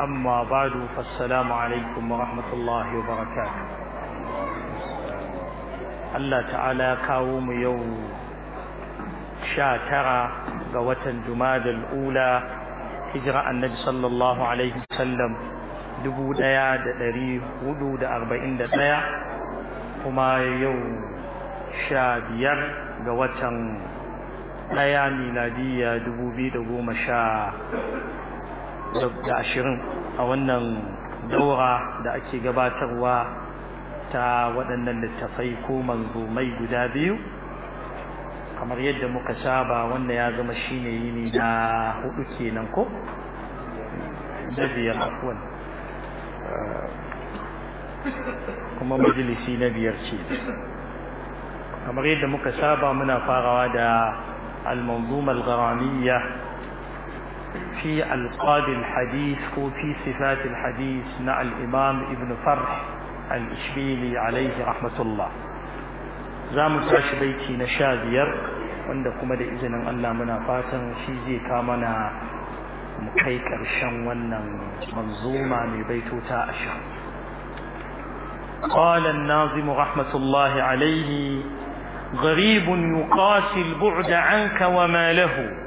أما بعد فالسلام عليكم ورحمة الله وبركاته Allah ta'ala kawo mu yau sha tara ga watan Jumadal Ula hijira annabi sallallahu alaihi wasallam dubu ɗaya da ɗari hudu da arba'in da ɗaya kuma yau sha biyar ga watan ɗaya miladiyya dubu biyu da goma sha da ashirin a wannan daura da ake gabatarwa ta waɗannan littafai ko manzumai guda biyu kamar yadda muka saba wannan ya zama ne yini na hudu kenan ko da biyar afwan eh, kuma majalisi na biyar ce kamar yadda muka saba muna farawa da al-manzuma في ألقاب الحديث وفي صفات الحديث مع الإمام ابن فرح الإشبيلي عليه رحمة الله زام تاش بيتي نشاد يرق وندكم دا إذن الله منا فاتن في زي كامنا مكيك الشن ونن منظومة من بيت تاشا قال الناظم رحمة الله عليه غريب يقاسي البعد عنك وما له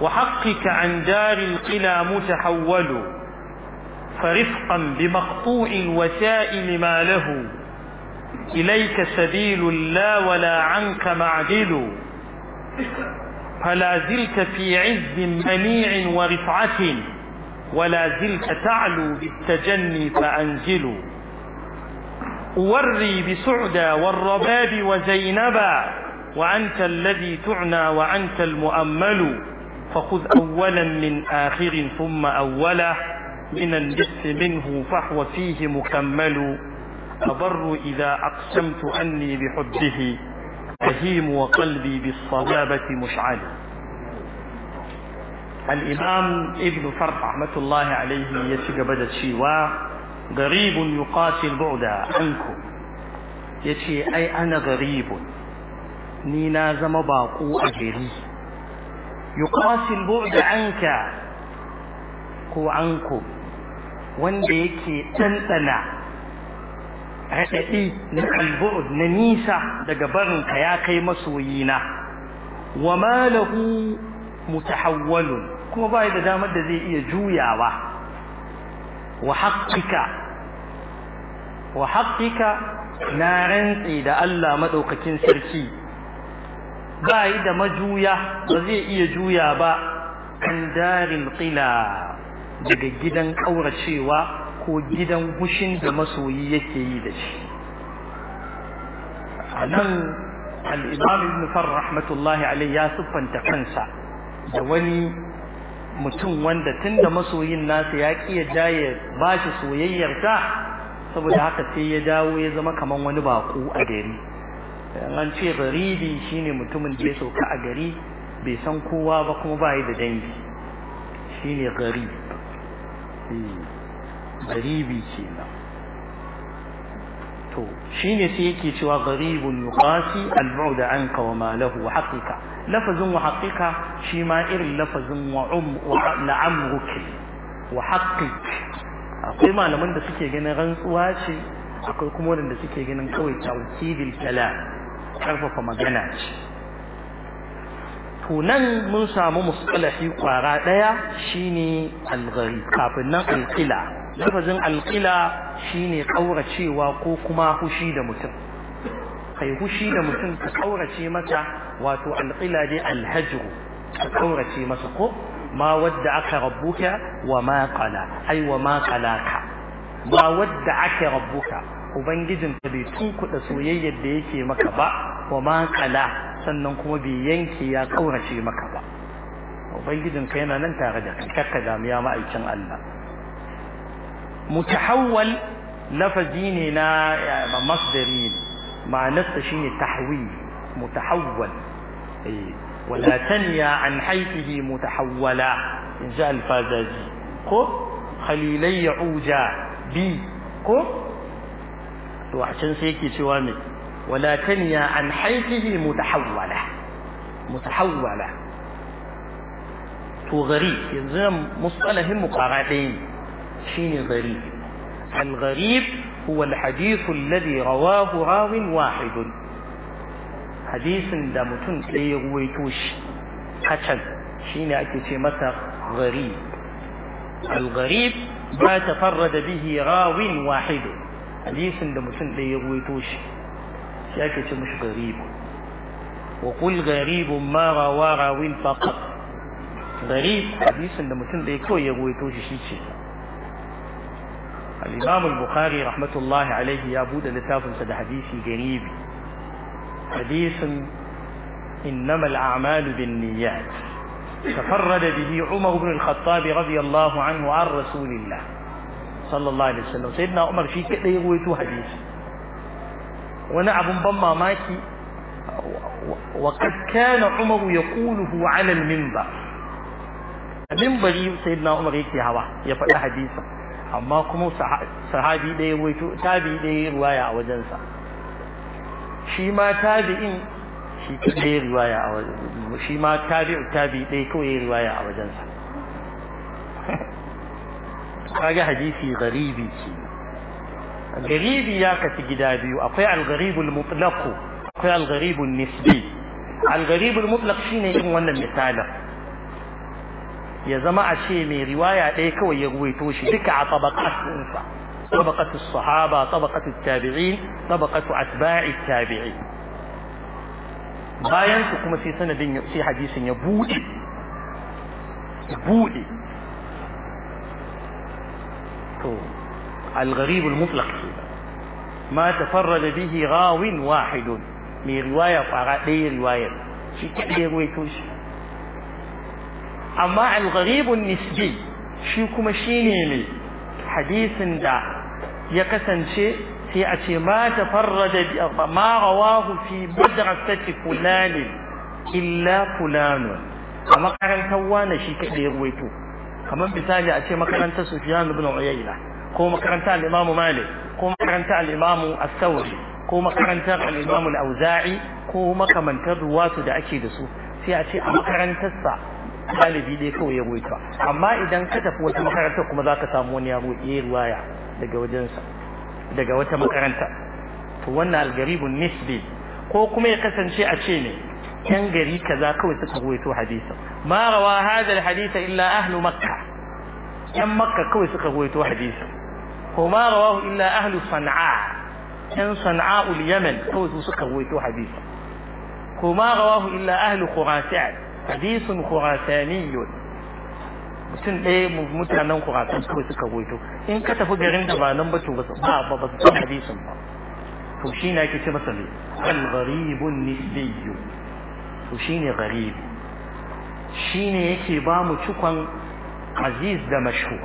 وحقك عن دار القلى متحول فرفقا بمقطوع الوسائل ما له إليك سبيل لا ولا عنك معدل فلا زلت في عز منيع ورفعة ولا زلت تعلو بالتجني فأنزل أوري بسعدى والرباب وزينبا وأنت الذي تعنى وأنت المؤمل فخذ أولا من آخر ثم أولا من الجس منه فهو فيه مكمل أبر إذا أقسمت أني بحبه أهيم وقلبي بالصلابة مشعل الإمام ابن فرح رحمة الله عليه يشق بدت شيوا غريب يقاتل بعدا عنكم يشي أي أنا غريب نينا زمباقو أجري yuqasi al-bu'd anka ko anku wanda yake ɗanɗana raɗaɗi na al-bu'd na nisa daga barinka ya kai masoyina wa ma lahu mutahawwalun kuma bai da damar da zai iya juyawa wa haqqika wa haqqika na rantsi da Allah madaukakin sarki ba yi da majuya ba zai iya juya ba kan darin ƙila daga gidan ƙauracewa ko gidan gushin da masoyi yake yi da shi a nan al'imam ibn rahmatullahi alai ya siffanta kansa da wani mutum wanda tun da masoyin nasa ya ƙi jaye ya ba shi soyayyarta saboda haka sai ya dawo ya zama kamar wani baƙo a gari an ce baridi shine mutumin da ya sauka a gari bai san kowa ba kuma ba da dangi shine gari hmm. garibi kenan to shine sai yake cewa gharibun yuqasi al-bu'd anka wa ma lahu wa haqiqa lafazin wa haqiqa shi ma irin lafazin wa um wa la'amruk wa haqqiq akwai malaman da suke ganin rantsuwa ce akwai kuma wanda suke ganin kawai tawkidil kalam karfafa magana ce to nan mun samu musalahi kwara ɗaya shine al kafin nan al-qila lafazin al-qila shine kauracewa ko kuma hushi da mutum kai hushi da mutum ka kaurace masa wato al-qila dai al ka kaurace masa ko ma wadda aka rabbuka wa ma kala, ai wa ma ka ma wadda aka rabbuka ubangijin ta bai tunkuɗa soyayyar da yake maka ba wa ma kala sannan kuma bai yanke ya kaurace maka ba ubangijin ka yana nan tare da kai kakka damuya ma'aikin Allah mutahawwal lafazi ne na masdari ne ma'anarsa shine tahwi mutahawwal wala tanya an haifihi mutahawwala in ja al-fazaji ko khalilai عوجا bi ko to a can sai yake cewa me wala taniya an haifihi mutahawwala mutahawwala to gari yanzu mustalahin mu kwara ɗaya ne shine gari al-gharib هو الحديث الذي رواه راو واحد حديث da mutum ɗaya ya ruwaito shi hacan shine ake ce masa gharib al-gharib ma tafarrada bihi rawin wahid hadisin da mutum ɗaya ya ruwaito shi shi ake ce mishi garibu wa qul garibun ma rawa rawin faqat garib hadisin da mutum ɗaya kawai ya ruwaito shi shi ce al-imam al-bukhari rahmatullahi alaihi ya bude littafinsa da hadisi garibi hadisin إنما الأعمال بالنيات تفرد به عمر بن الخطاب رضي الله عنه عن رسول الله sallallahu alaihi wasallam sayyidina Umar shi kadai ya ruwaito hadisi wani abun ban mamaki wa kad kana Umar yaquluhu ala al-minbar minbari sayyidina Umar yake hawa ya faɗi hadisi amma kuma sahabi ɗaya ya ruwaito tabi ɗaya ruwaya a wajensa shi ma tabi'in shi ɗaya riwaya a wajen shi ma tabi'u tabi ɗaya kawai ruwaya a wajensa هذا حديثي غريبي غريبي يا كتجدابي أطيع الغريب المطلق أطيع الغريب النسبي الغريب المطلق شين يكون وانا مثالة يا زماعة شيء من رواية ايك ويقوي توشي على طبقة انفع طبقة الصحابة طبقة التابعين طبقة أتباع التابعين باين تقوم في سنة في حديث يبوئي بوئي الغريب المطلق ما تفرد به غاو واحد من رواية فاغاتي رواية شيء كبير ويتوش أما الغريب النسبي شيء كما شيني حديث دا يكسن شيء في أشي ما تفرد ما رواه في مدرسة فلان إلا فلان أما كان توانا شيء كبير ويتوش kamar misali a ce makarantar Sufyan ibn Uyayna ko makarantar al-Imam Malik ko makarantar al-Imam As-Sawri ko makarantar al-Imam Al-Auza'i ko makamantar ruwatu da ake da su sai a ce a makarantarsa ɗalibi dai kawai ya ruwaito amma idan ka tafi wata makarantar kuma za ka samu wani ya ruwaya daga wajensa daga wata makaranta to wannan algaribun nisbi ko kuma ya kasance a ce ne كان قري كذا كويس كويس حديثه ما روى هذا الحديث إلا أهل مكة كان مكة كويس حديثا حديثه وما رواه إلا أهل صنعاء كان صنعاء اليمن كويس حديثا حديثه وما رواه إلا أهل خراسان حديث خراساني sun ɗaya mutanen kuratun kawai suka goito in ka tafi garin da ba nan ba to ba ba ba ba hadisin ba to shi na ke ce masa ne al-gharibun nisbiyyu to shine shi ne yake ba mu cikon aziz da mashhur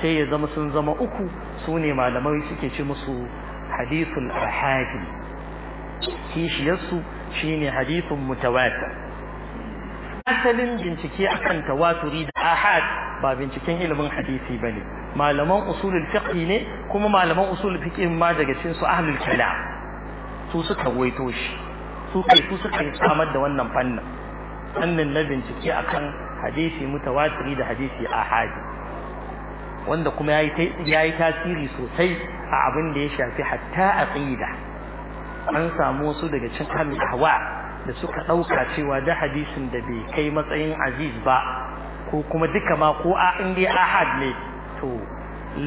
sai ya zama sun zama uku sune malamai suke ci musu hadithul ahadi kishiyarsu shine hadithun mutawatir asalin bincike akan tawaturi da ahad ba binciken ilimin hadisi bane malaman usulun fiqh ne kuma malaman usulul fiqh ma daga cikin su ahlul kalam su suka waito shi su kai su suka samar da wannan fannin fannin na bincike a kan hadisi mutawatiri da hadisi ahadi wanda kuma ya yi tasiri sosai a abin da ya shafi hatta aqida an samu wasu daga cikin hawa da suka ɗauka cewa da hadisin da bai kai matsayin aziz ba ko kuma duka ma ko a in dai ahad ne to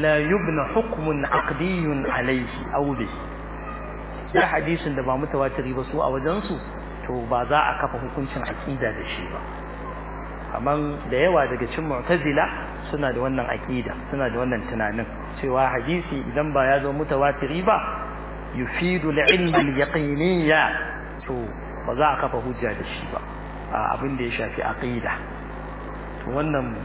la yubna hukmun aqdiyun alayhi aw bihi da hadisin da ba mutawatiri ba su a wajensu to ba za a kafa hukuncin aqida da shi ba amma da yawa daga cikin mu'tazila suna da wannan aqida suna da wannan tunanin cewa hadisi idan ba ya zo mutawatiri ba yufidu al-ilm to ba za a kafa hujja da shi ba abin da ya shafi aqida to wannan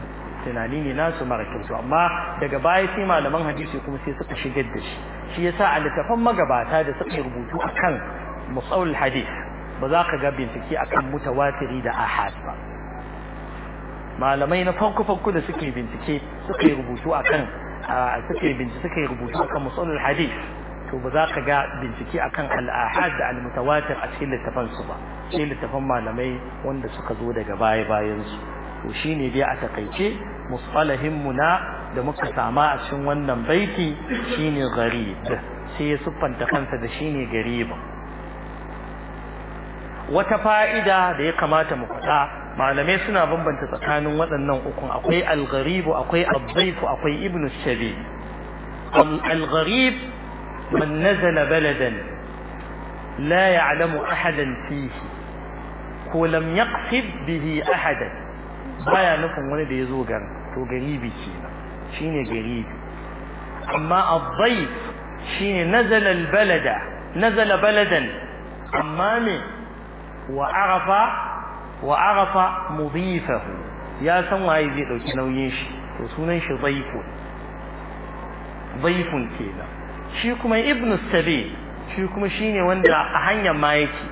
tunani ne nasu mara kyau amma daga baya sai malaman hadisi kuma sai suka shigar da shi shi yasa a littafan magabata da suka rubutu akan musawul hadith ba za ka ga bincike akan mutawatiri da ahad ba malamai na farko farko da suke bincike suka rubutu akan suke bincike suka rubutu akan musawul hadith to ba za ka ga bincike akan al-ahad da al-mutawatir a cikin littafan su ba cikin littafan malamai wanda suka zo daga baya bayan su to shine dai a takeice musalahin mu na da muka sama a cikin wannan baiti shine gharib sai ya siffanta kansa da shine gharib wata fa'ida da ya kamata mu faɗa malamai suna bambanta tsakanin waɗannan uku akwai al-gharibu akwai al-dhaifu akwai ibnu shabi al-gharib man nazala baladan la ya'lamu ahadan fihi ko lam yaqsid bihi ahadan baya nufin wani da ya zo garin to gari bi ke gari bi. amma abai ne nazalar balada nazala baladan amma me wa arafa wa arafa ya san waye zai dauki nauyin shi to sunan shi zaifun ke kenan shi kuma ibnu sabi shi kuma shine wanda a hanyar ma yake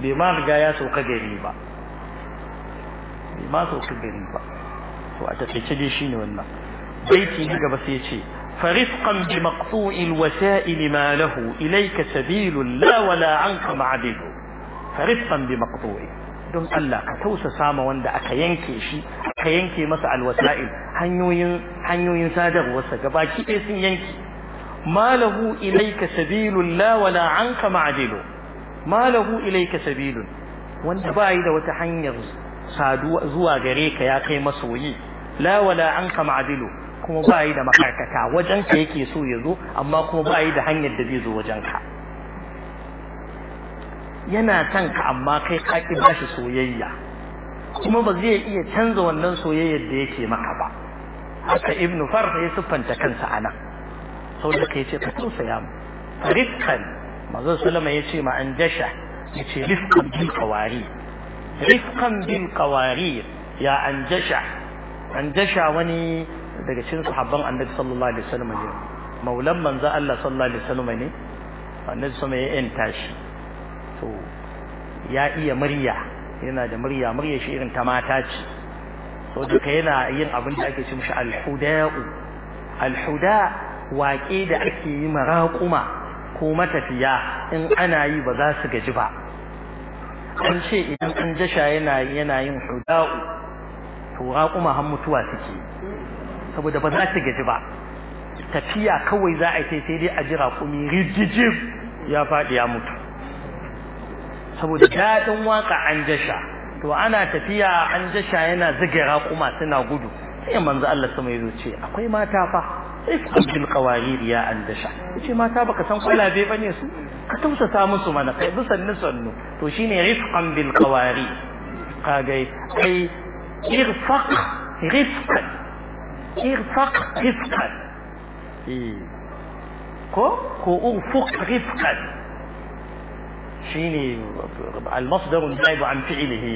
bai ma riga ya sauka gari ba bai ma sauka gari ba to a taƙaice dai shine wannan baiti na gaba sai ce فرفقا بمقطوع الوسائل ما له إليك سبيل لا ولا عنك معدل فرفقا بمقطوع don Allah ka tausasa ma wanda aka yanke shi aka yanke masa alwasa'il hanyoyin hanyoyin sadarwarsa gabaki ɗaya sun yanke malahu ilayka sabilun la wala anka ma'dilu malahu ilayka sabilun wanda bai da wata hanyar zuwa gare ka ya kai masoyi la wala anka ma'dilu kuma ba yi da makarkata wajen ka yake so ya zo amma kuma ba yi da hanyar da zai zo wajen ka yana son ka amma kai ka ki bashi soyayya kuma ba zai iya canza wannan soyayyar da yake maka ba haka ibnu farh ya siffanta kansa anan sau da kai ce ka tausaya mu rifkan manzon sulama ya ce ma an jasha ya ce rifkan bil kawari rifqan bil qawarir ya anjasha anjasha wani daga cikin sahabban annabi sallallahu alaihi wasallam ne maulan manzo Allah sallallahu alaihi wasallam ne annabi sama ya yanta shi to ya iya murya yana da murya murya shi irin ta mata ce so duka yana yin abinda da ci ce mishi alhuda'u alhuda waƙe da ake yi maraƙuma ko matafiya in ana yi baza su gaji ba an ce idan an jasha yana yana yin huda'u to raƙuma har mutuwa suke saboda ba za su gaji ba tafiya kawai za a yi sai dai a ji raƙumi rigijif ya faɗi ya mutu saboda daɗin waƙa an jasha to ana tafiya an jasha yana ziga raƙuma suna gudu sai manzo Allah sama yazo ce akwai mata fa sai su abdul an jasha ce mata baka san kwalabe ba ne su ka tausasa musu mana kai bi sannu sannu to shine rifqan bil qawari kaga ai irfaq rifqan irfaq rifqan ko ko urfuq rifqan shine al-masdar al-jayb an fi'lihi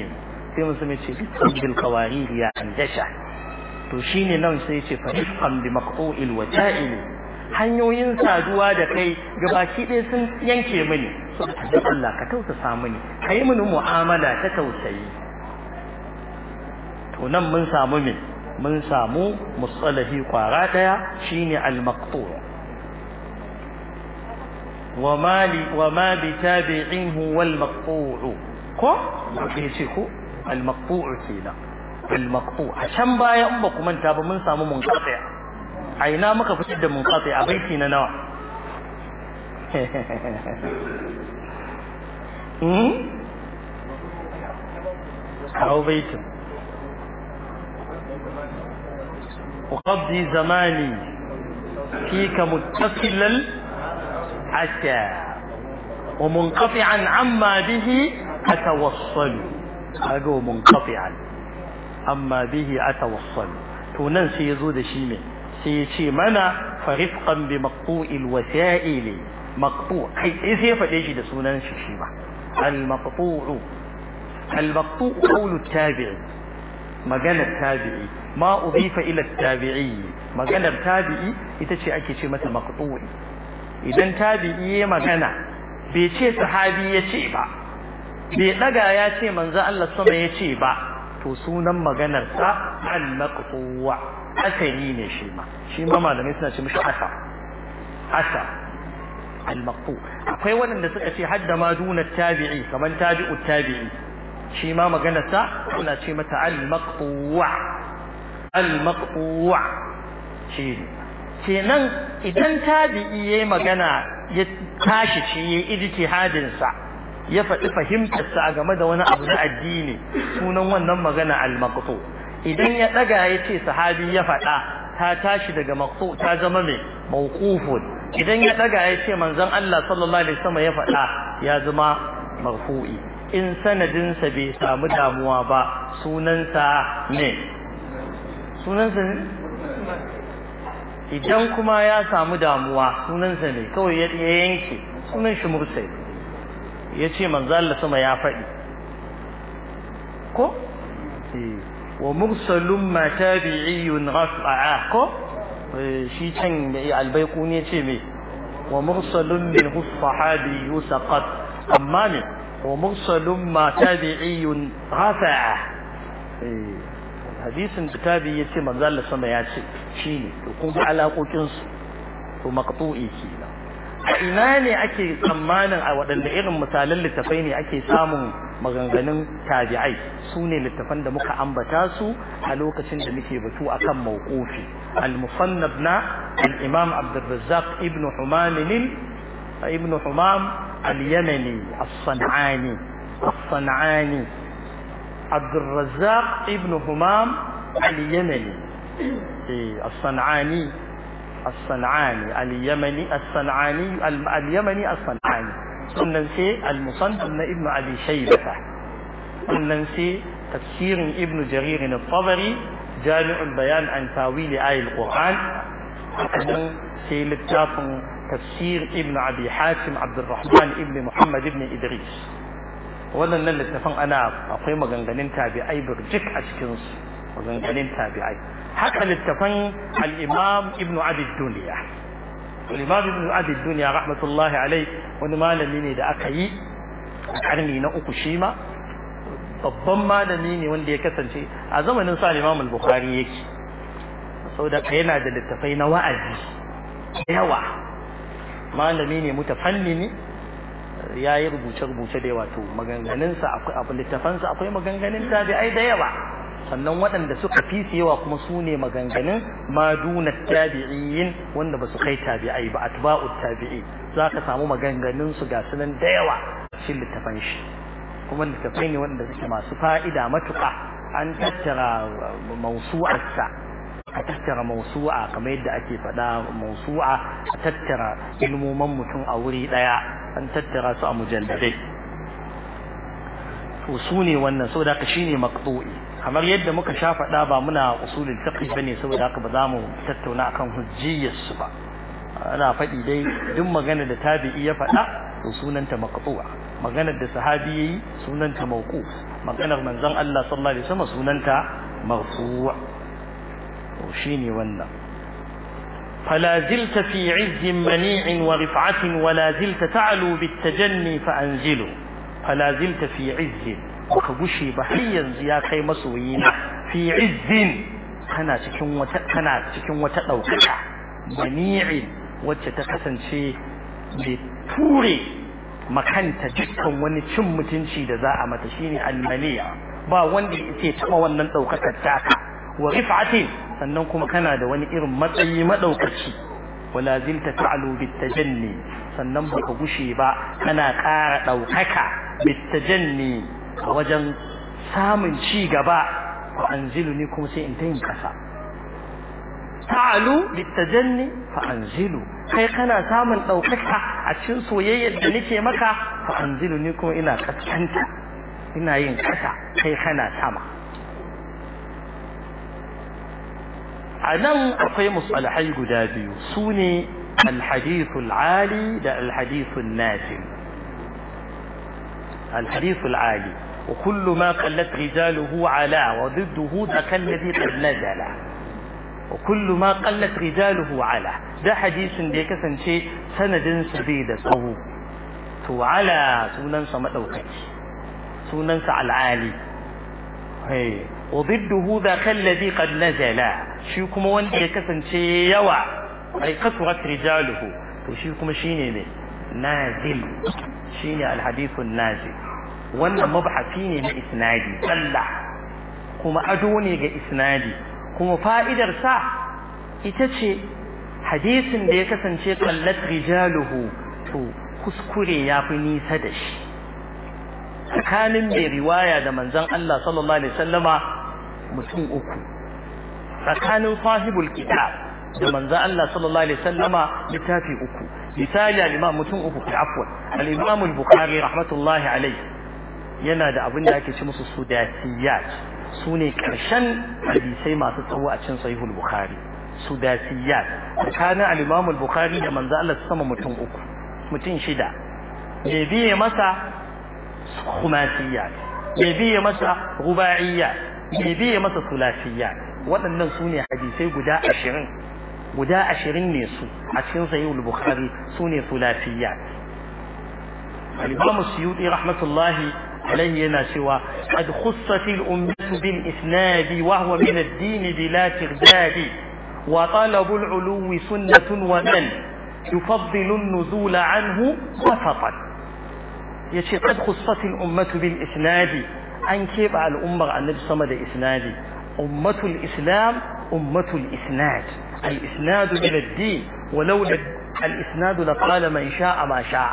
sai musulmi ce rifqan bil qawari ya andasha to shine nan sai ce fa rifqan bi maqtu'il wata'il hanyoyin saduwa da kai gabaki ɗaya sun yanke mini so da Allah ka tausasa mini ka yi mini mu'amala ta tausayi to nan mun samu min mun samu musalahi kwara ɗaya shine al-maqtu wa mali wa ma bi tabi'inhu wal maqtu ko ke ce ko al-maqtu kenan al-maqtu a can baya in ba ku manta ba mun samu munqati' a ina muka fitar da munqati a baiti na nawa hmm kawo baitin أقضي زماني فيك متصلا عسى ومنقطعا عما به أتوصل أجو منقطعا عما به أتوصل تنسي يزود شيمين sai ya ce mana farifkan bi maqtu'il wasa'ili maqtu' kai sai sai faɗe shi da sunan shi shi ba al maqtu'u al maqtu'u qawlu tabi'i maganar tabi'i ma udifa ila tabi'i maganar tabi'i ita ce ake ce mata maqtu'i idan tabi'i ya magana bai ce sahabi ya ce ba bai daga ya ce manzo Allah sama ya ce ba to sunan maganar sa al maqtu'a asali ne shi ma shi malamai suna ce mishi asa asa akwai waɗanda suka ce hadda ma duna tabi'i kaman tabi'u tabi'i magana sa suna ce mata al-maqtu'a al kenan idan tabi'i yayi magana ya tashi ce yayi ijtihadin sa ya faɗi fahimtar sa game da wani abu na addini sunan wannan magana al-maqtu' idan ya daga ya ce sahabi ya faɗa ta tashi daga maqtu ta zama mai mawqufun idan ya daga ya ce manzon Allah sallallahu alaihi wasallam ya faɗa ya zama marfu'i in sanadinsa bai samu damuwa ba sunansa ne sunansa ne idan kuma ya samu damuwa sunansa ne kawai ya yanke sunan shi mursai ya ce manzo Allah sama ya faɗi ko wa mursalun ma tabi'iyun raf'a ko shi can da albaiku ne ce me wa mursalun min sahabi yusaqat amma ne wa mursalun ma tabi'iyun rafa'a hadisin da tabi ya ce manzo Allah sama ya ce ne to kun ga alaƙokin su to maqtu'i kenan a ina ne ake tsammanin a waɗanda irin misalan littafai ne ake samun maganganun tabi'ai su ne littafan da muka ambata su a lokacin da muke batu akan mawqufi al-musannaf na al-imam Abdurrazzaq ibn Humam ibn Humam al-Yamani as-San'ani as-San'ani Abdurrazzaq ibn Humam al-Yamani eh, as-San'ani as-San'ani al-Yamani as-San'ani al-Yamani as-San'ani sannan sai al-musannaf na ibnu abi shayba sannan sai tafsirin ibnu jarir na tabari jami'ul bayan an tawili ayil qur'an sannan sai littafin tafsir ibnu abi hatim abdurrahman ibnu muhammad ibnu idris waɗannan littafan ana akwai maganganun tabi'ai birjik a cikinsu maganganun tabi'ai haka littafin al-imam ibnu abi duniya Imam Ibn Abi Dunya rahmatullahi alai wani malami ne da aka yi a karni na uku shi ma babban malami ne wanda ya kasance a zamanin sa Imam Al-Bukhari yake saboda yana da littafai na wa'azi yawa malami ne ne ya yi rubuce-rubuce da yawa to maganganinsa akwai littafansa akwai maganganun tabi'ai da yawa sannan waɗanda suka fi yawa kuma su ne maganganun maduna tabi'in wanda ba su kai tabi'ai ba atba'u tabi'i za ka samu maganganun su ga sunan da yawa cikin littafan shi kuma littafai ne waɗanda suke masu fa'ida matuƙa an tattara mausu'arsa a tattara mausu'a kamar yadda ake faɗa mausu'a a tattara ilmoman mutum a wuri ɗaya an tattara su a mujalladai to su ne wannan saboda ka shine maqtu'i kamar yadda muka sha faɗa ba muna usulul fiqh bane saboda haka ba za mu tattauna akan hujjiyar su ba ana fadi dai duk magana da tabi'i ya fada to sunanta maqtu'a magana da sahabi yayi sunanta mawquf maganar manzon Allah sallallahu alaihi wasallam sunanta marfu'a to shine wannan فلا زلت في عز منيع ورفعة ولا زلت تعلو بالتجني فأنزله فلا زلت في عز baka gushe ba har yanzu ya kai masoyi na fi izzin kana cikin wata kana cikin wata daukaka jami'i wacce ta kasance bai ture makanta dukkan wani cin mutunci da za a mata shine almaniya ba wanda yake taba wannan daukakar taka wa rif'atin sannan kuma kana da wani irin matsayi madaukaci wala zilta ta'lu bitajanni sannan baka gushe ba kana ƙara daukaka bitajanni a wajen samun ci gaba fa anzilu ni kuma sai in ta yin kasa ta'alu littajanni fa anzilu kai kana samun ɗaukaka a cikin soyayyar da nake maka fa anzilu ni kuma ina ƙasƙanta. ina yin kasa kai kana sama a nan akwai musalahai guda biyu su ne alhadithul ali da alhadithul najim alhadithul ali وكل ما قلت رجاله على وضده ذاك الذي قد نزل وكل ما قلت رجاله على ده حديث دي كسن شيء سند سديد صهو تو على سنن سما دوكي سنن سعل عالي هي وضده ذاك الذي قد نزل شو كما وان دي كسن شيء يوع اي كثرت رجاله تو شو كما شيني نازل شيني الحديث النازل wannan mabhasi ne na isnadi tsalla kuma ado ne ga isnadi kuma fa'idar sa ita ce hadisin da ya kasance tsallat rijaluhu to kuskure ya fi nisa da shi tsakanin mai riwaya da manzon Allah sallallahu alaihi wasallama mutum uku tsakanin sahibul kitab da manzon Allah sallallahu alaihi wasallama littafi uku misali al-imam mutum uku afwan al-imam al-bukhari rahmatullahi alaihi yana da abin da ake ci musu sudatiyat su ne ƙarshen hadisai masu tsawo a cikin sahihul bukhari Sudasiyat tsakanin al-imam al-bukhari da manzo Allah sama mutum uku mutum shida me biye masa khumasiyat me biye masa rubaiyat me biye masa sulasiyat waɗannan su ne hadisai guda ashirin guda ashirin ne su a cikin sahihul bukhari su ne sulasiyat al-imam suyuti rahmatullahi علينا سوى قد خصت الأمة بالإسناد وهو من الدين بلا تغداد وطلب العلو سنة ومن يفضل النزول عنه وسطا يشي قد خصت الأمة بالإسناد أن كيف على الأمة أن نجسم الإسناد أمة الإسلام أمة الإسناد الإسناد من الدين ولولا الإسناد لقال من شاء ما شاء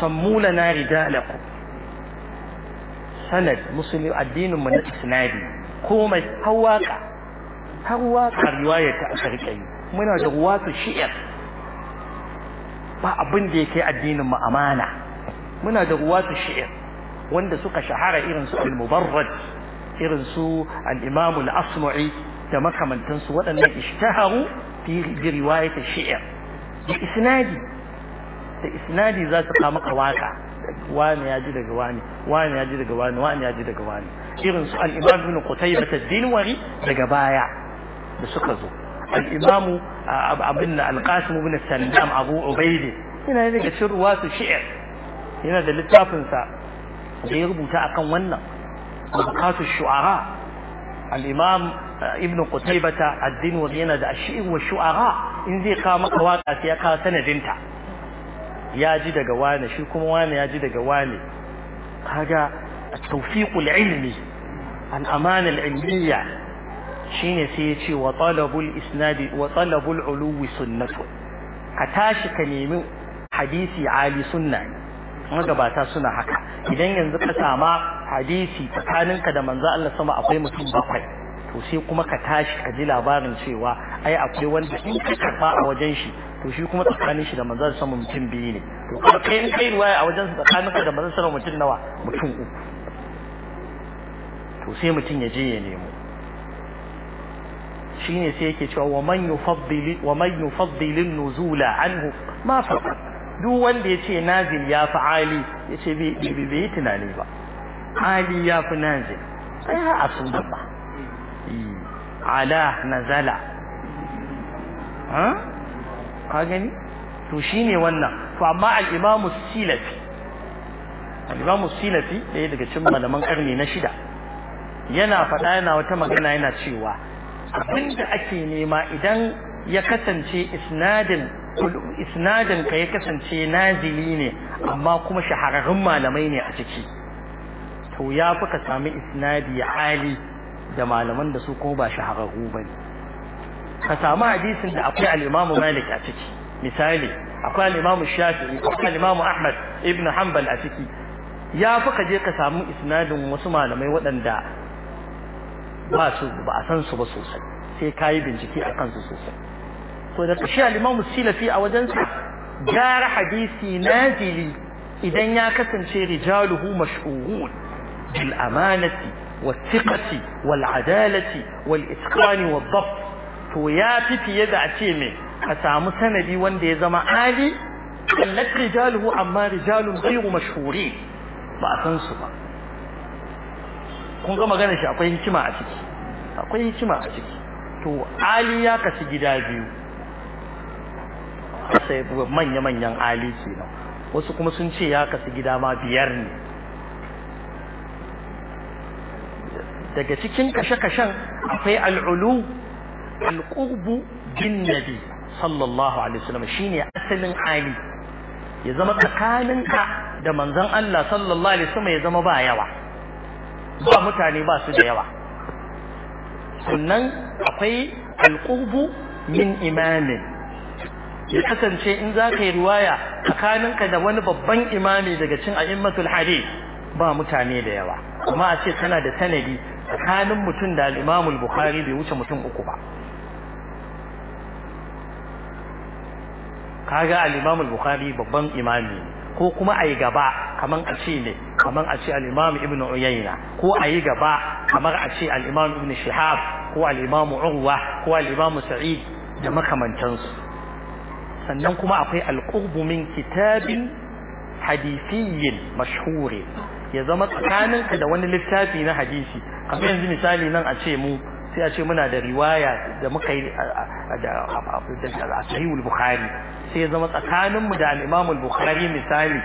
صموا لنا رجالكم sanad musulmi addinin mu na isnadi komai har waka har waka riwaya ta aka muna da ruwatu shi'ar ba abin da yake addinin mu amana muna da ruwatu shi'ar wanda suka shahara irin su al-mubarrad irin su al-imam al-asma'i da makamantansu waɗannan ishtaharu fi riwayat shi'ar da isnadi da isnadi za su kama waka wani ya ji daga wani wani ya ji daga wani wani ya ji daga wani irin su al-imam ibn qutaybah daga baya da suka zo al-imam abin al-qasim ibn sallam abu ina ne daga cikin su shi'r yana da littafin sa da ya rubuta akan wannan bukatu shu'ara al-imam ibn qutaybah ad-dinwari yana da ash-shi'r wa shu'ara in zai kawo maka waka sai ya kawo sanadinta ya ji daga wane shi kuma wane ya ji daga wane kaga a tawfiqul ilmi al-amana al-ilmiyya shine sai ya ce wa talabul isnadi wa talabul uluwi sunnatu ka tashi ka nemi hadisi ali sunna magabata suna haka idan yanzu ka sama hadisi tsakaninka da manzo Allah sama akwai mutum bakwai to sai kuma ka tashi ka ji labarin cewa ai akwai wanda in ka karba a wajen shi to shi kuma tsakanin shi da manzon sama mutum biyu ne to kuma kai in kai ruwaya a wajen tsakanin ka da manzon sama mutum nawa mutum uku to sai mutum ya je ya nemo shine sai yake cewa wa man yufaddili wa man yufaddili nuzula anhu ma fa duk wanda ya ce nazil ya fi ali ya ce bai bai tunani ba ali ya fi nazil ai ha asun ba ala nazala ha ka gani to shine wannan to amma al-imamu silafi al-imamu silafi dai daga cikin malaman karni na shida yana faɗa yana wata magana yana cewa abinda ake nema idan ya kasance isnadin isnadin ka ya kasance nazili ne amma kuma shahararrun malamai ne a ciki to ya fi ka sami isnadi ali. da malaman da su kuma ba shahararru ba ne ka samu hadisin da akwai al-Imam malik a ciki misali akwai al-Imam shafi'i akwai al-Imam ahmad ibn hanbal a ciki ya fi ka je ka samu isnadin wasu malamai waɗanda ba su ba a san su ba sosai sai kai bincike a su sosai to da al-Imam silafi a wajen wajensa gara hadisi nazili idan ya kasance rijaluhu mashhurun bil amanati والثقة والعدالة والإتقان والضبط to ya fi fiye da a ce mai a samu sanadi wanda ya zama ali kallat rijaluhu amma rijalun ghayru mashhuri ba a san su ba kun ga magana shi akwai hikima a ciki akwai hikima a ciki to ali ya kasu gida biyu sai manya manyan ali kenan wasu kuma sun ce ya kasu gida ma biyar ne daga cikin kashe-kashen akwai al'ulu al'ubu bin nabi sallallahu alaihi wasallam shine asalin ali ya zama tsakaninka da manzon Allah sallallahu alaihi wasallam ya zama ba yawa ba mutane ba su da yawa sannan akwai alqubu min imamin ya kasance in za ka yi ruwaya tsakaninka da wani babban imami daga cin a'immatul hadith ba mutane da yawa amma a ce tana da sanadi tsakanin mutum da al'imamul bukhari bai wuce mutum uku ba kaga al'imamul bukhari babban imami ko kuma a yi gaba kamar a ce ne kamar a ce al'imam ibn uyayna ko a yi gaba kamar a ce al'imam ibn shihab ko al'imam urwa ko al'imam sa'id da makamantansu sannan kuma akwai alƙurbu kitabin hadifiyin mashhurin ya zama tsakaninka da wani littafi na hadisi kamar yanzu misali nan a ce mu sai a ce muna da riwaya da muka yi a sahihul bukhari sai ya zama tsakaninmu da al'imamul bukhari misali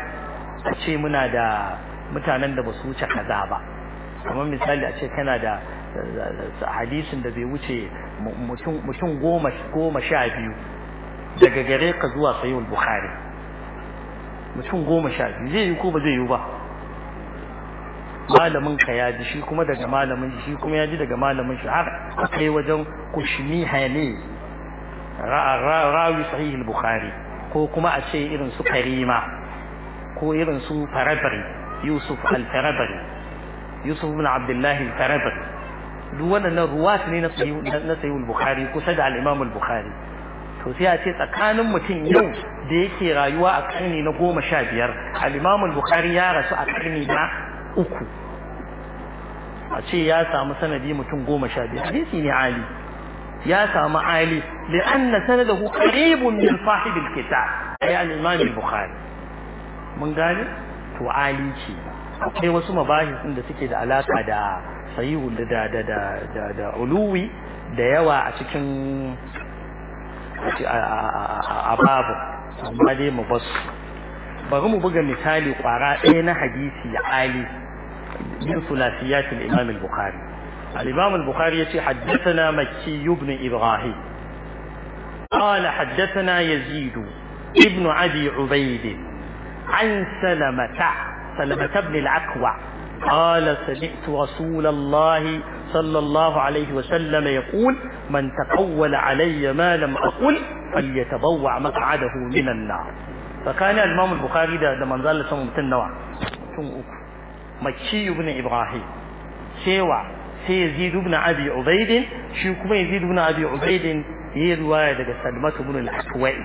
a ce muna da mutanen da ba su wuce kaza ba kamar misali a ce kana da hadisin da bai wuce mutum goma sha biyu daga gare ka zuwa sahihul bukhari mutum goma sha biyu zai yi ko ba zai yi ba malamin ka ya ji shi kuma daga malamin shi kuma ya ji daga malamin shi har kai wajen kushmi hane rawi sahih al-bukhari ko kuma a ce irin su karima ko irin su farabari yusuf al-farabari yusuf ibn abdullah al-farabari duk wannan ruwat ne na sahih al-bukhari kusa da al-imam al-bukhari to sai a ce tsakanin mutum yau da yake rayuwa a karni na goma sha biyar al-imam al-bukhari ya rasu a karni na uku a ce ya samu sanadi mutum goma sha biyu hadisi ne ali ya samu ali li'anna sanadahu sanadar min sahibi al-kitab ay al bukhari mun gane to ali ce akwai wasu mabahisin da suke da alaka da sahihu da da da da uluwi da yawa a cikin a babu amma dai mu basu bari mu buga misali kwara ɗaya na hadisi ali من ثلاثيات الإمام البخاري الإمام البخاري حدثنا مكي بن إبراهيم قال حدثنا يزيد ابن عدي عبيد عن سلمة سلمة بن العكوة قال سمعت رسول الله صلى الله عليه وسلم يقول من تقول علي ما لم أقل فليتبوع مقعده من النار فكان الإمام البخاري ده من ظل سمتين نوع makki ibn ibrahim cewa sai yazid ibn abi ubaid shi kuma yazid ibn abi ubaid yayi riwaya daga salmat ibn al-aswai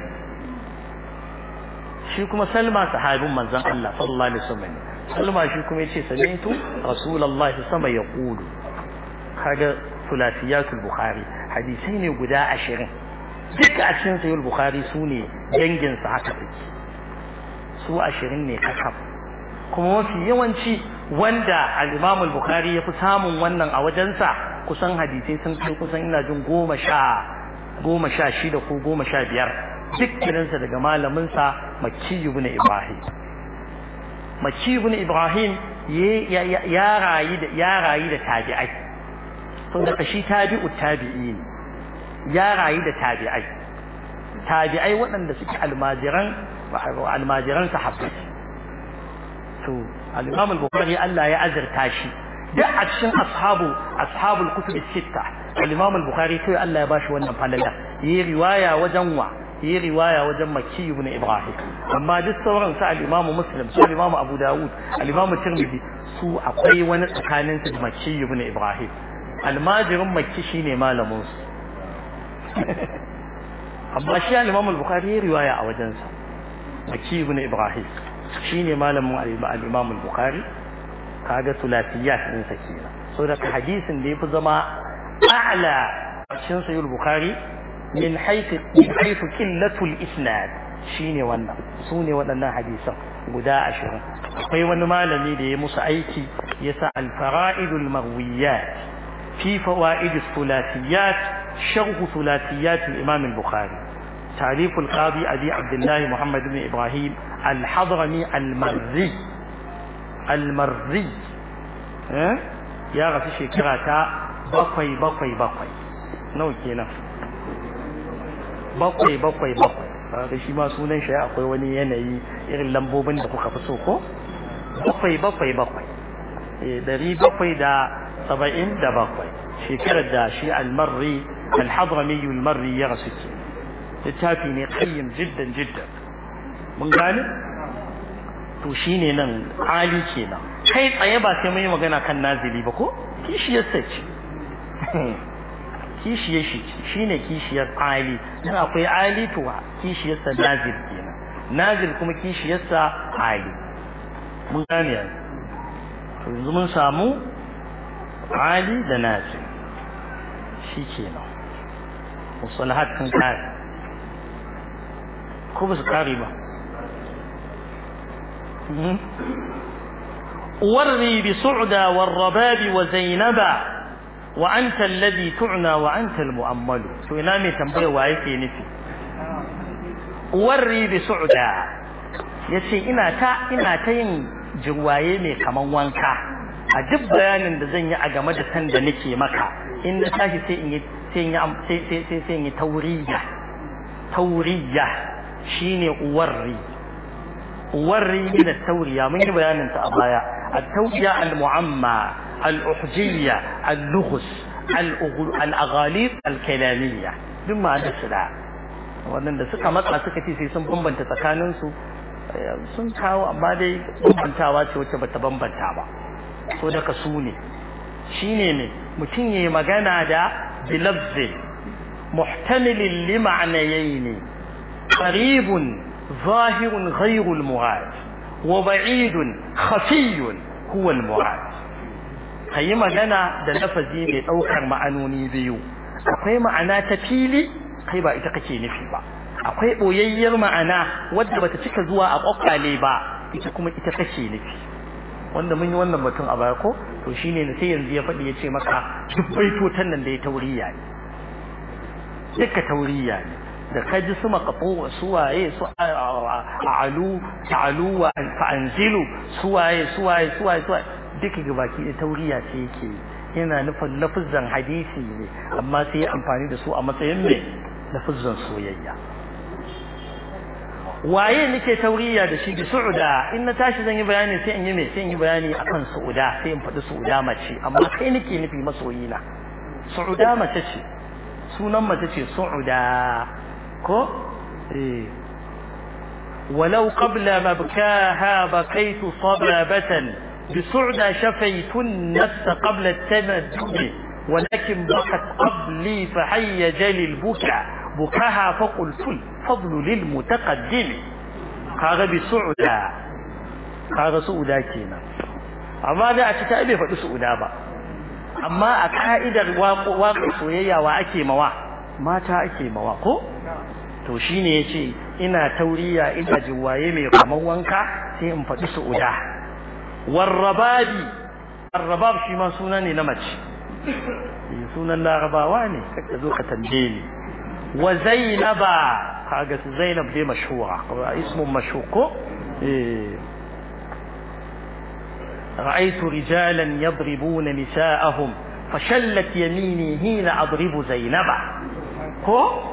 shi kuma salma sahabin manzon Allah sallallahu alaihi wasallam salma shi kuma yace sami'tu rasulullahi sama yaqulu kaga al bukhari hadisai ne guda ashirin duk a cikin sahih bukhari su ne dangin sa haka su ashirin ne kakaf kuma mafi yawanci wanda al-Imam al-Bukhari ya fi samun wannan a wajensa kusan hadisai sun kai kusan ina jin goma sha goma sha shida ko goma sha biyar dukkaninsa daga malaminsa Makki ibn Ibrahim Makki ibn Ibrahim ya rayu da ya rayu da tabi'ai sun da shi tabi'u tabi'in ya rayu da tabi'ai tabi'ai waɗanda suke almajiran almajiran sahabbai to al-imam al-bukhari Allah ya azurta shi duk a cikin ashabu ashabul kutub sitta al-imam al-bukhari kai Allah ya bashi wannan falala yi riwaya wajen wa yi riwaya wajen makki ibn ibrahim amma duk sauran su al-imam muslim su al-imam abu dawud al-imam tirmidhi su akwai wani tsakanin su da makki ibn ibrahim almajirin makki shine malamin su amma shi al-imam al-bukhari riwaya a wajen sa makki ibn ibrahim shine malamin al-Imam al-Bukhari kaga sulasiyat din sa kenan so da hadisin da yafi zama a'la cikin sahih al-Bukhari min haythu min haythu qillatu al-isnad shine wannan sune waɗannan hadisan guda 20 akwai wani malami da ya musu aiki yasa al-fara'id al-marwiyat fi fawaid al-sulasiyat sharh sulasiyat al-Imam al-Bukhari تعريف القاضي أبي عبد الله محمد بن إبراهيم الحضرمي المري المري يا غفي شكرا تا بقوي بقوي بقوي نو كينا بقوي بقوي بقوي رشي ما سونين شيء أقوي وني يني إغل لمبوبن بقو خفصوكو بقوي بقوي بقوي دري بقوي دا سبعين دا بقوي شكرا دا شي المري الحضرمي المري يا غسكي التافي قيم جدا جدا mun gane to shine nan ali kenan kai tsaye ba sai mun yi magana kan nazili ba ko kishiyar sai ce kishiyar shi shine kishiyar ali dan akwai ali to kishiyar sa nazil kenan nazil kuma kishiyar sa ali mun gane ya to yanzu mun samu ali da nazil shi kenan musalahat kan kari ko ba su kare ba التسليم وري بصعدى والرباب وزينبا وأنت الذي تعنى وأنت المؤمل سئلا مي تنبيه وايكي نفي وري بصعدى yace ina ta ina ta yin jirwaye mai kaman wanka a duk bayanin da zan yi a game da san da nake maka in na tashi sai in yi tauriya tauriya shine uwarri warri min at mun yi bayanin ta a baya at-tawriya al-mu'amma al-uhjiyya al al al duk ma da da suka matsa suka ce sai sun bambanta tsakanin su eh, sun kawo amma dai bambantawa ce wacce bata bambanta ba so daga su ne Shi ne mutum yi magana da bilafzi muhtamilin li ne. Karibun. ظاهر غير المعاد وبعيد خفي هو المعاد kayi magana da lafazi mai daukar ma'anoni biyu akwai ma'ana ta fili kai ba ita kake nufi ba akwai boyayyar ma'ana wadda bata cika zuwa a kwakwale ba ita kuma ita kake nufi wanda mun yi wannan mutum a baya ko to shine sai yanzu ya faɗi ya ce maka duk baitotan nan da ya tauriya ne dukka tauriya ne da ji su ka su waye su alu ta'alu wa fa'anzilu su suwaye su waye su waye su waye duka gabaki da tauriya ce yake yana nufin lafuzan hadisi ne amma sai amfani da su a matsayin mai lafuzan soyayya waye nake tauriya da shi da su'uda in na tashi zan yi bayani sai in yi mai sai in yi bayani akan su'uda sai in faɗi su'uda mace amma kai nake nufi masoyina su'uda mace ce sunan mace ce su'uda كو إيه. ولو قبل ما مبكاها بكيت صبابة بسعدى شفيت النفس قبل التمدد ولكن بقت قبلي فحي جالي البكع بكاها فقلت فضل للمتقدم هذا بسعدى هذا سعدى كينا أما ذا تتابع فأسعدى با أما أكائد واقع سويا واكيما مواه ما تأكي مواه to shine yace ina tauriya ina jiwaye mai kamar wanka sai in faɗi su'uda warrababi arrabab shi ma sunan ne na mace sunan larabawa ne kaka zo ka tambaye ni wa zainaba kaga su zainab dai mashhura ismu mashhuko eh رأيت رجالا يضربون نساءهم فشلت يميني حين أضرب زينبا هو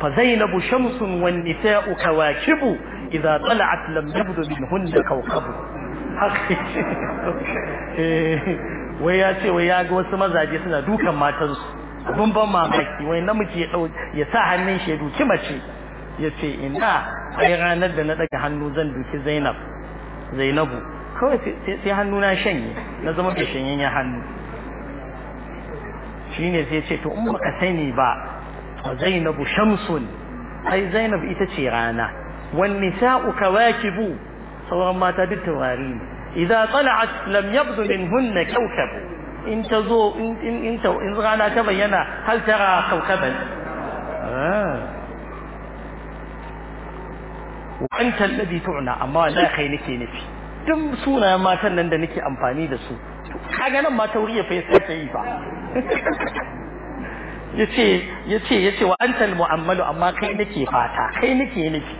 فزينب شمس والنساء كواكب إذا طلعت لم يبدو منهن كوكب wai ya ce wai ya ga wasu mazaje suna dukan matansu abin ban mamaki wai namiji ya dau ya sa hannun shi ya duki mace ya ce ina ai ranar da na daga hannu zan duki zainab zainabu kawai sai hannu na shanye na zama da shanyen ya hannu shine sai ce to in ka sani ba وزينب شمس أي زينب إتتشي والنساء كواكب صورا ما تبت وارين إذا طلعت لم يبدو منهن كوكب إن تزو إن إن إن تو إن رانا هل ترى كوكبا آه. وأنت الذي تعنى أما لا خينك نفي نكي sunayen matan nan da nake أمفاني دسو حاجة لما تورية ma tauriya yace yace yace wa antal mu'ammalu amma kai nake fata kai nake nufi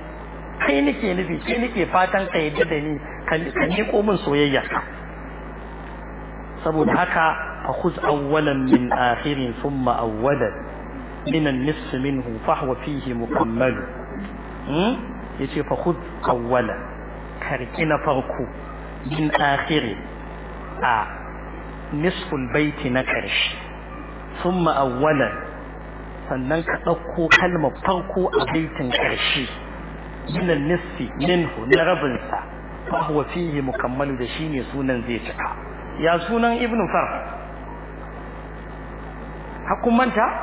kai nake nufi kai nake fatan ka yadda da ni ka ne ko min soyayya saboda haka fa khuz awwalan min akhirin thumma awwalan min an-nisf minhu fa huwa fihi mukammal hmm yace fa khuz awwalan karki na farko min akhiri a nisful baiti na karshe sun awwalan sannan ka ɗauko kalmar farko a baitin ƙarshe minan nisfi minhu na rabinsa fa huwa fihi mukammalu da shine sunan zai cika ya sunan ibn far hakumanta manta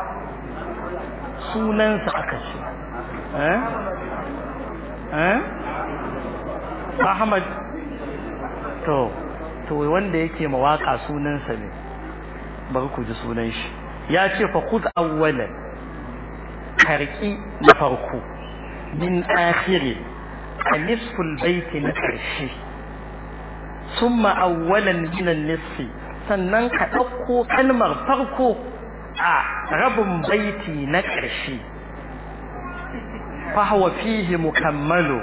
sunansa aka ce eh eh Ahmad to to wanda yake mawaka sunansa ne bari ku ji sunan shi ya ce fa khudh awwalan حريكي نفرقو من آخر نصف البيت نفرشي ثم أولا من النصف سننك أقو كلمر فرقو آه، رب بيتي نكرشي فهو فيه مكمل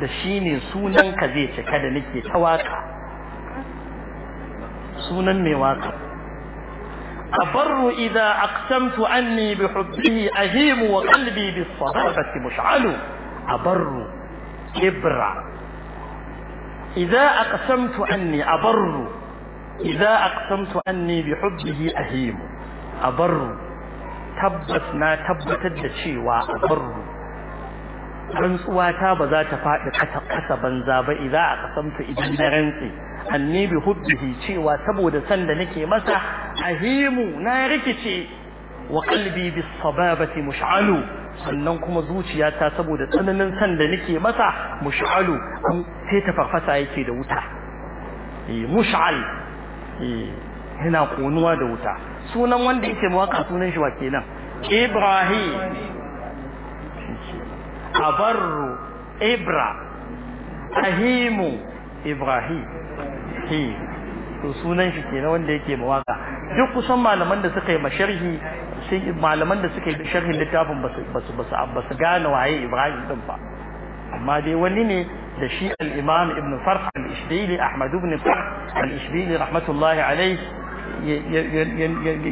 دشين سونان كذيش كذا نكي تواكا سونان ميواكا أبر إذا أقسمت عني بحبه أهيم وقلبي بالصدافة مشعل أبر إبرة إذا أقسمت عني أبر إذا أقسمت عني بحبه أهيم أبر تبت ما تبت الدشي وأبر rantsuwa ta ba za ta إذا ƙasa anni bi hubbihi cewa saboda san da nake masa ahimu na rikice wa qalbi bi sababati mush'alu sannan kuma zuciyata saboda tsananin san da nake masa mush'alu sai ta farfasa yake da wuta eh mush'al eh yana konuwa da wuta sunan wanda yake mawaka sunan shi wa kenan Ibrahim abarru ibra ahimu Ibrahim to sunan shi kenan wanda yake mawaka duk kusan malaman da suka yi masharhi sai malaman da suka yi sharhin littafin su basu basu gane waye Ibrahim din ba amma dai wani ne da shi al-Imam Ibn Farh al-Ishbili Ahmad ibn Farh al-Ishbili rahmatullahi alayhi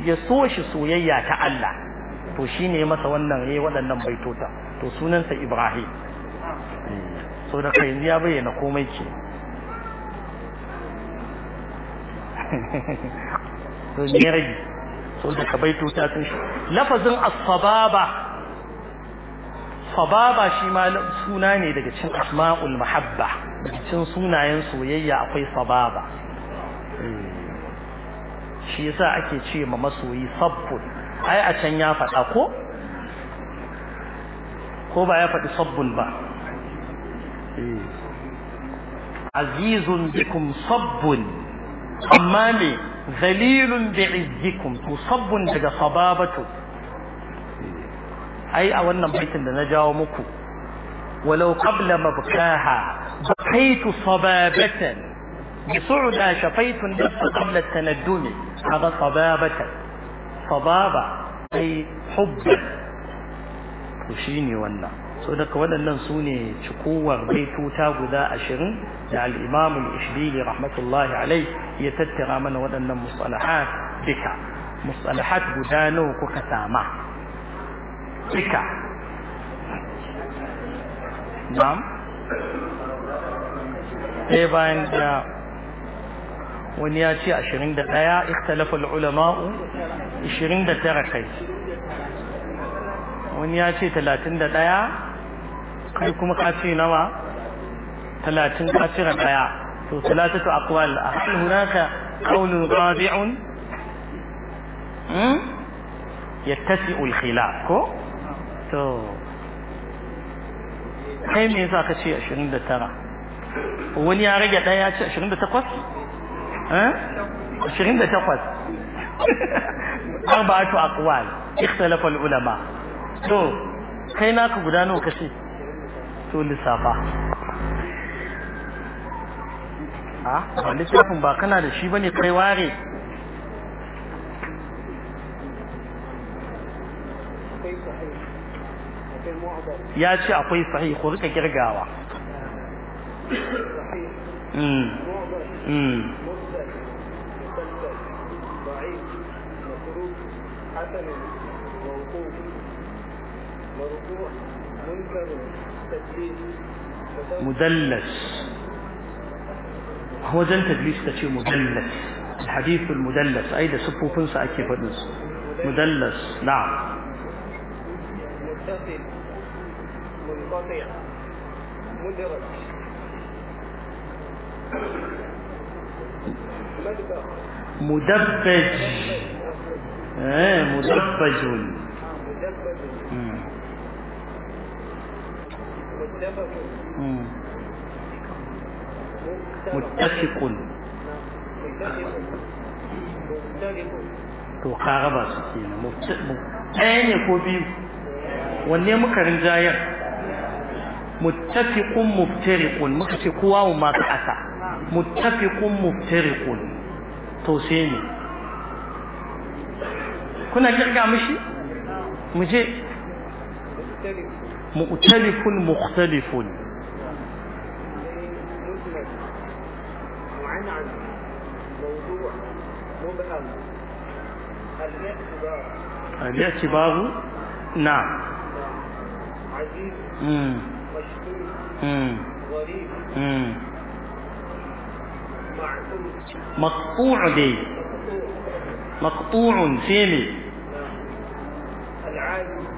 ya so shi soyayya ta Allah to shine masa wannan yayi waɗannan baitota to sunansa Ibrahim eh, so da kai ya bayyana komai ke to ne rage so da shi lafazin as-sababa sababa shi ma suna ne daga cikin asma'ul mahabba daga cikin sunayen soyayya akwai sababa eh, shi yasa ake ce ma masoyi sabbun ai a can ya faɗa ko ko ba ya faɗi sabbun ba eh. azizun bikum sabbun أمامي ذليل بعزكم مصب بجا صبابته أي أولنا بيت أن نجاومكم ولو قبل مبكاها بقيت صبابة بصعدا شفيت النفس قبل التندم هذا صبابة صبابة أي حب وشيني والنعم so daga waɗannan su ne cikowar ta guda ashirin da al'imamun ishbili rahmatullahi alai ya tattara mana waɗannan musalahat duka musalahat guda nawa kuka sama duka na'am ɗaya bayan da wani ya ce ashirin da ɗaya ikhtalafa ulama'u ashirin da tara kai wani ya ce talatin da ɗaya kai kuma ka ce nawa talatin ka cire daya to salatatu aqwal hal hunaka qawlun rabi'un hmm yattasi'u al-khilaf ko to kai me yasa ka ce 29 wani ya rage daya da ce 28 eh 28 arba'atu aqwal ikhtalafa al-ulama to kai naka guda nawa kace so lissafa a ba lissafin ba kana da shi bane kai ware ya ce akwai sahih ko rika kirgawa hmm, hmm. Thank you. مدلس هو زن تدليس تشي مدلس الحديث المدلس أي ده سبوفن أكي فدنس مدلس نعم مدبج إيه، مدبج آه، مدبج مدبج متفق hmm. to su ɗaya ne ko biyu wanne muka rinjayar muttafiqun muftariqun muka ce kowa mu ma kasa to kuna kirga mishi muje مؤتلف مختلف موضوع مبهم الاعتبار الاعتبار نعم عزيز غريب مقطوع دي مقطوع فيني نعم. العالم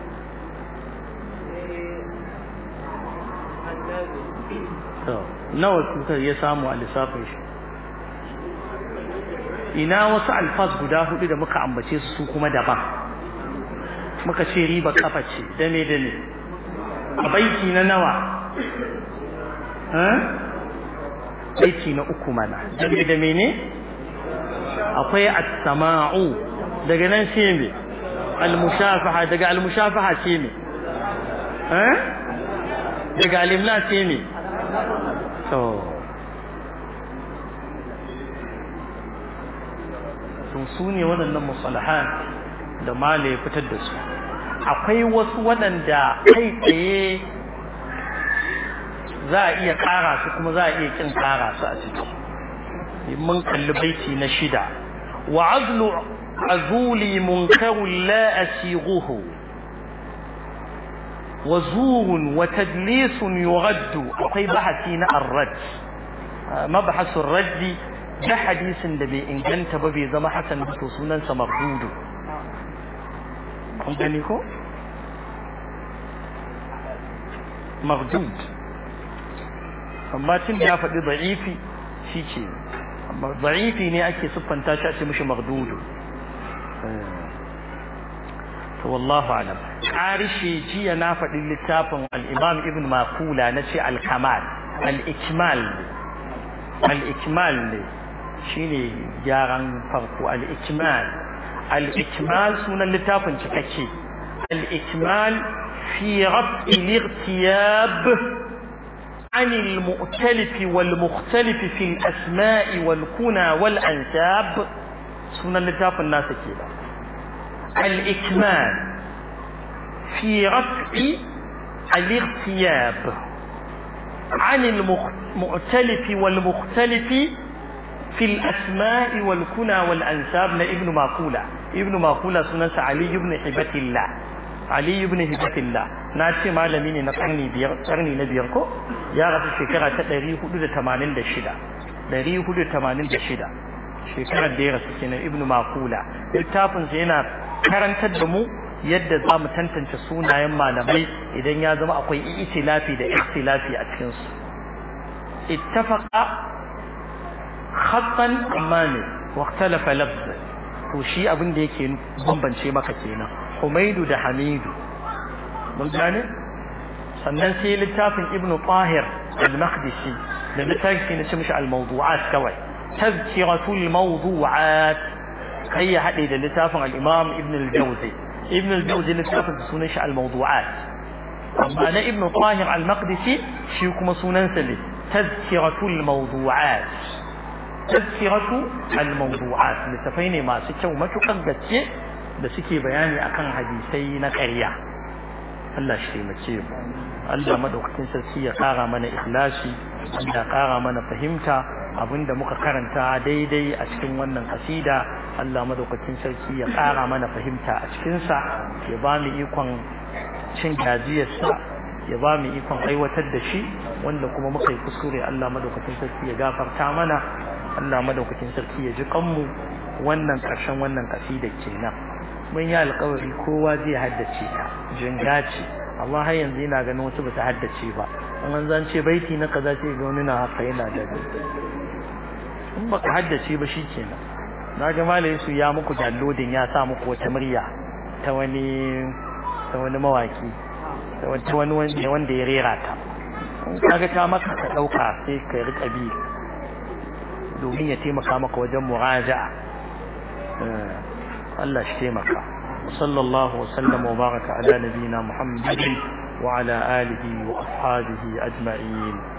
nawa cutar ya samu a lissafin shi ina wasu alfas guda hudu da muka ambace su su kuma daban muka ce riba kafa ce dame dame a baiki na nawa baiki na uku mana dame dame ne akwai as-sama'u daga nan sai me al-mushafaha daga al-mushafaha sai me eh daga alif sai me to to su ne waɗannan musalahan da mala ya fitar da su akwai wasu waɗanda kai tsaye za a iya ƙara su kuma za a iya kin ƙara su a ciki mun kalli baiti na shida wa azlu azuli munkarun la asighuhu وزور وتدليس يرد أقول بحثين الرد ما بحث الرد ده حديث دبي إن كان ببي زما حسن بتوصونا سمردود أمتنيكو يعني مردود أما تنبي أفضل ضعيفي شيء ضعيفي ني أكي سبا تاشا مردود آه. والله أعلم عارشي جي نافع للتاب الإمام ابن ماقولة نشي الكمال الإكمال الإكمال شيني جاران فرق الإكمال الإكمال سنة للتاب شكاكي الإكمال في رفع الاغتياب عن المؤتلف والمختلف في الأسماء والكنى والأنساب سنة للتاب الناس كده الإكمال في رفع الاغتياب عن المختلف والمختلف في الأسماء والكنى والأنساب لابن ماقولة ابن ماقولة سنة علي بن حبة الله علي بن هبة الله ناتي ما لمين نقرني بير نقرني يا رب الشكرة تدري حدود تمانين دشدا دري حدود تمانين دشدا شكرة ديرة سكينة ابن ماقولة التابن زينا karantar da mu yadda za mu tantance sunayen malamai idan ya zama akwai itilafi da ikhtilafi a cikin su ittafaqa khatan amani wa ikhtalafa lafz to shi abin da yake bambance maka kenan humaydu da Hamidu mun gane sannan sai littafin ibnu Tahir al-Maqdisi da littafin na ce mishi al-mawdu'at kawai tazkiratul mawdu'at kai ya haɗe da littafin al-imam ibn al-jawzi ibn al-jawzi littafin sunan shi al-mawdu'at amma na ibn tahir al-maqdisi shi kuma sunansa ne tazkiratul mawdu'at tazkiratu al-mawdu'at littafai ne masu kyau matukan gaske da suke bayani akan hadisai na ƙarya Allah shi taimake mu Allah madaukakin sarki ya ƙara mana ikhlasi Allah ya ƙara mana fahimta abinda muka karanta daidai a cikin wannan kasida Allah madaukakin sarki ya ƙara mana fahimta a cikinsa ya ba mu ikon cin sa ya ba mu ikon aiwatar da shi wanda kuma muka yi kuskure Allah madaukakin sarki ya gafarta mana Allah madaukakin sarki ya ji kanmu wannan ƙarshen wannan kasida kenan mun yi alƙawari kowa zai haddace ta jinga ce amma har yanzu ina ganin wasu ba ta haddace ba an zan ce baiti na kaza ce ga wani na haka yana da in ka haddace ba shi kenan na ga malayin su ya muku jallodin ya sa muku wata murya ta wani ta wani mawaki ta wani wanda ya rera ta kaga ta maka ka dauka sai ka rika bi domin ya taimaka maka wajen muraja'a eh, Allah shi taimaka sallallahu wa wa baraka ala nabiyina muhammadin wa ala alihi wa ashabihi ajma'in